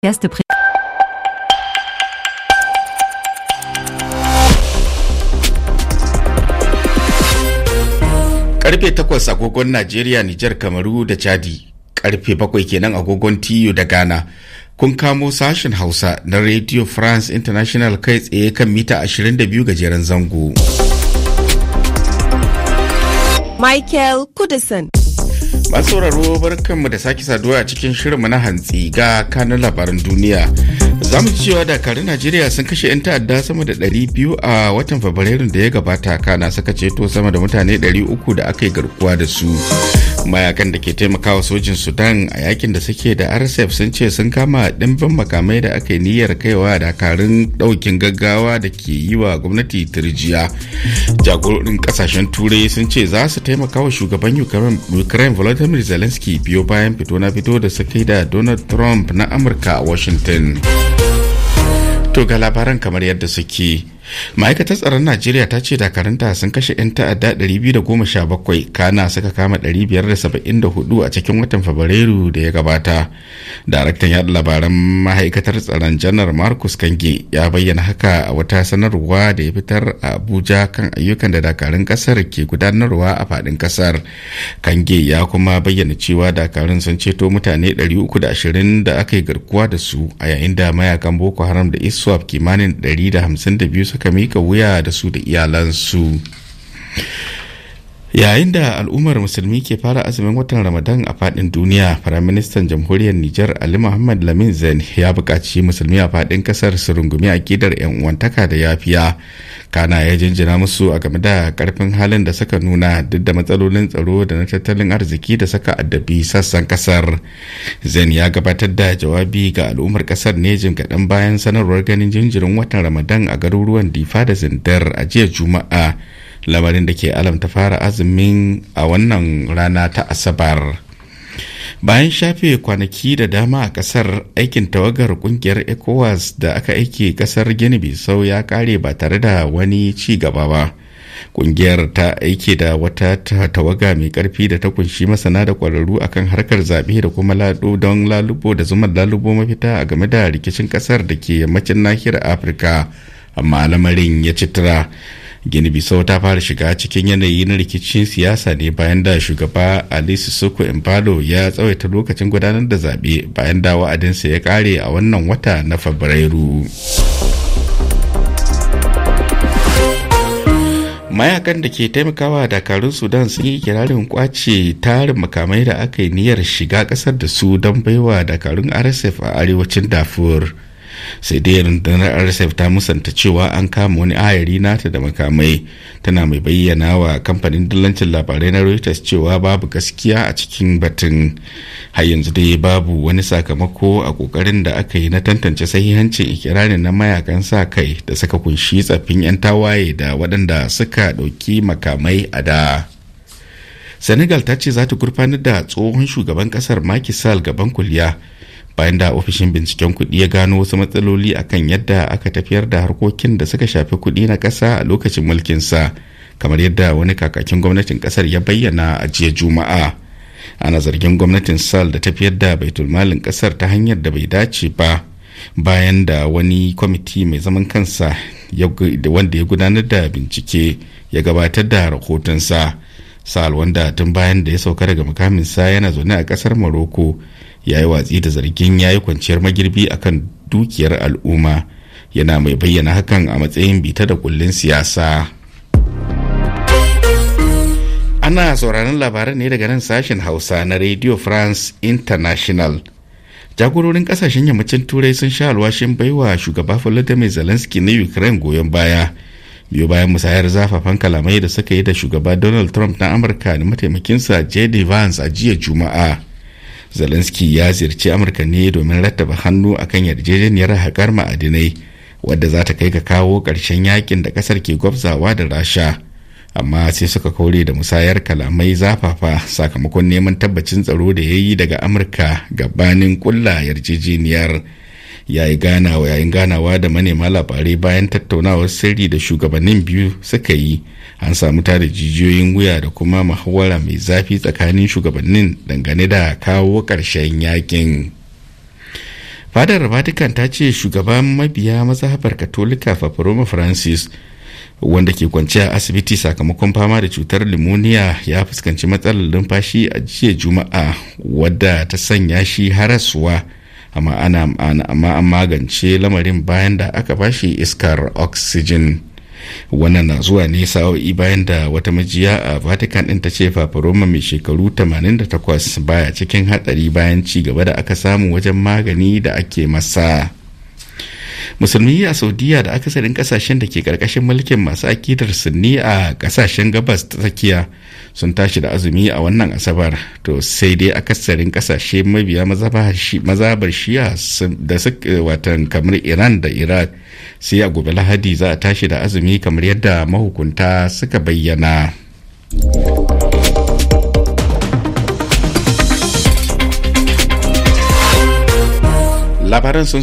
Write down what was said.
podcast pré Karfe takwas agogon Najeriya, Nijar, Kamaru da Chadi. Karfe bakwai kenan agogon Tiyo da Ghana. Kun kamo sashen Hausa na Radio France International kai tsaye kan mita 22 gajeren zango. Michael Kudison. masu sauraro barkanmu da sake saduwa cikin shirinmu na hantsi ga kanun labaran duniya zamu mu ji cewa dakarun najeriya sun kashe 'yan ta'adda sama da 200 a watan fabrairun da ya gabata kana suka ceto sama da mutane 300 da aka yi garkuwa da su mayakan da ke taimakawa sojin sudan a yakin da suke da rsf sun ce sun kama dimbin makamai da aka yi niyyar kaiwa dakarun daukin gaggawa da ke yi wa gwamnati turjiya jagororin kasashen turai sun ce za su taimaka shugaban ukraine volodymyr zelensky biyo bayan fito na fito da suka da donald trump na amurka a washington to ga labaran kamar yadda suke ma'aikatar tsaron najeriya ta ce dakaranta sun kashe 'yan ta'adda 217 kana suka kama 574 a cikin watan fabrairu da ya gabata daraktan yada labaran ma'aikatar tsaron janar marcus kange ya bayyana haka a wata sanarwa da ya fitar a abuja kan ayyukan da dakarun kasar ke gudanarwa a faɗin kasar kange ya kuma bayyana cewa dakarun sun ceto mutane 320 da aka yi garkuwa da su a yayin da mayakan boko haram da iswap kimanin 152 suka mika wuya da su da iyalansu yayin da al'ummar musulmi ke fara azumin watan ramadan a fadin duniya firaministan jamhuriyar nijar ali muhammad lamin zain ya bukaci musulmi a fadin kasar su rungumi akidar yan uwantaka da yafiya kana ya jinjina musu a game da karfin halin da suka nuna duk da matsalolin tsaro da na tattalin arziki da suka addabi sassan kasar zain ya gabatar da jawabi ga al'ummar kasar ne jim kaɗan bayan sanarwar ganin jinjirin watan ramadan a garuruwan difa da zindar a jiya juma'a lamarin da ke alamta fara azumin a wannan rana ta asabar bayan shafe kwanaki da dama a kasar aikin tawagar kungiyar ecowas da aka aiki kasar gini bisau ya kare ba tare da wani ci gaba ba kungiyar ta aiki da wata tawaga mai karfi da ta kunshi masana da kwararru akan harkar zaɓe da kuma lado don lalubo da zuman lalubo mafita a game da rikicin kasar da ke yammacin nahiyar afirka amma lamarin ya citira gini bisau ta fara shiga cikin yanayi na rikicin siyasa ne bayan da shugaba ali sissoko impalo ya tsawaita lokacin gudanar da zaɓe bayan da wa'adinsa ya ƙare a wannan wata na fabrairu mayakan da ke taimakawa dakarun sudan sun yi kirarin kwace tarin makamai da aka yi niyyar shiga kasar da su don baiwa dakarun rsf a arewacin dafur sai dai rundunar rsf ta musanta cewa an kama wani ayari nata da makamai tana mai bayyana wa kamfanin dillancin labarai na reuters cewa babu gaskiya a cikin batun har yanzu dai babu wani sakamako a kokarin da aka yi na tantance sahihancin ikirarin na mayakan sa kai da suka kunshi tsaffin 'yan tawaye da waɗanda suka ɗauki makamai a da senegal ta ce za ta gurfanar da tsohon shugaban kasar makisal gaban kuliya bayan da ofishin binciken kuɗi ya gano wasu matsaloli akan yadda aka tafiyar da harkokin da suka shafi kuɗi na ƙasa a lokacin mulkinsa kamar yadda wani kakakin gwamnatin ƙasar ya bayyana a jiya juma'a ana zargin gwamnatin sal da tafiyar da bai tulmalin ƙasar ta hanyar da bai dace ba bayan da wani kwamiti mai zaman kansa wanda ya gudanar da bincike ya gabatar da rahotonsa sal wanda tun bayan da ya sauka daga mukaminsa yana zaune a ƙasar maroko ya yi watsi da zargin ya yi kwanciyar magirbi akan dukiyar al'umma yana mai bayyana hakan a matsayin bita da kullun siyasa ana sauraron labaran ne daga nan sashen hausa na radio france international jagororin kasashen yammacin turai sun sha alwashin baiwa shugaba volodymyr zelensky na ukraine goyon baya biyu bayan musayar zafafan kalamai da suka yi da shugaba donald trump na amurka da mataimakinsa jd vance a jiya juma'a zelensky ya ziyarci amurka ne domin rattaba hannu akan yarjejeniyar haƙar ma'adinai wadda za ta kai ga kawo ƙarshen yakin da ƙasar ke gwabzawa da rasha amma sai suka kore da musayar kalamai zafafa sakamakon neman tabbacin tsaro da ya yi daga amurka gabanin ƙulla yarjejeniyar ya yi ganawa yayin ganawa da manema labarai bayan tattaunawar sirri da shugabannin biyu suka yi an samu tare jijiyoyin wuya da kuma mahawara mai zafi tsakanin shugabannin dangane da kawo ƙarshen yakin fadar vatican ta ce shugaban mabiya mazhabar katolika faforoma francis wanda ke kwanciya asibiti sakamakon fama da cutar limoniya ya fuskanci matsalar numfashi a jiya juma'a wadda ta sanya shi harasuwa amma an magance lamarin bayan da aka bashi iskar oxygen wannan na zuwa ne sa'o'i bayan da wata majiya a vatican din ta ce fafaroma mai shekaru 88 baya cikin hatsari bayan ci gaba da aka samu wajen magani da ake masa musulmi a saudiya da akasarin kasashen da ke karkashin mulkin masu akidar sunni a kasashen gabas ta tsakiya sun tashi da azumi a wannan asabar to sai dai akasarin kasashe mabiya mazabar shiya da watan kamar iran da iraq sai a gobe lahadi za a tashi da azumi kamar yadda mahukunta suka bayyana labaran sun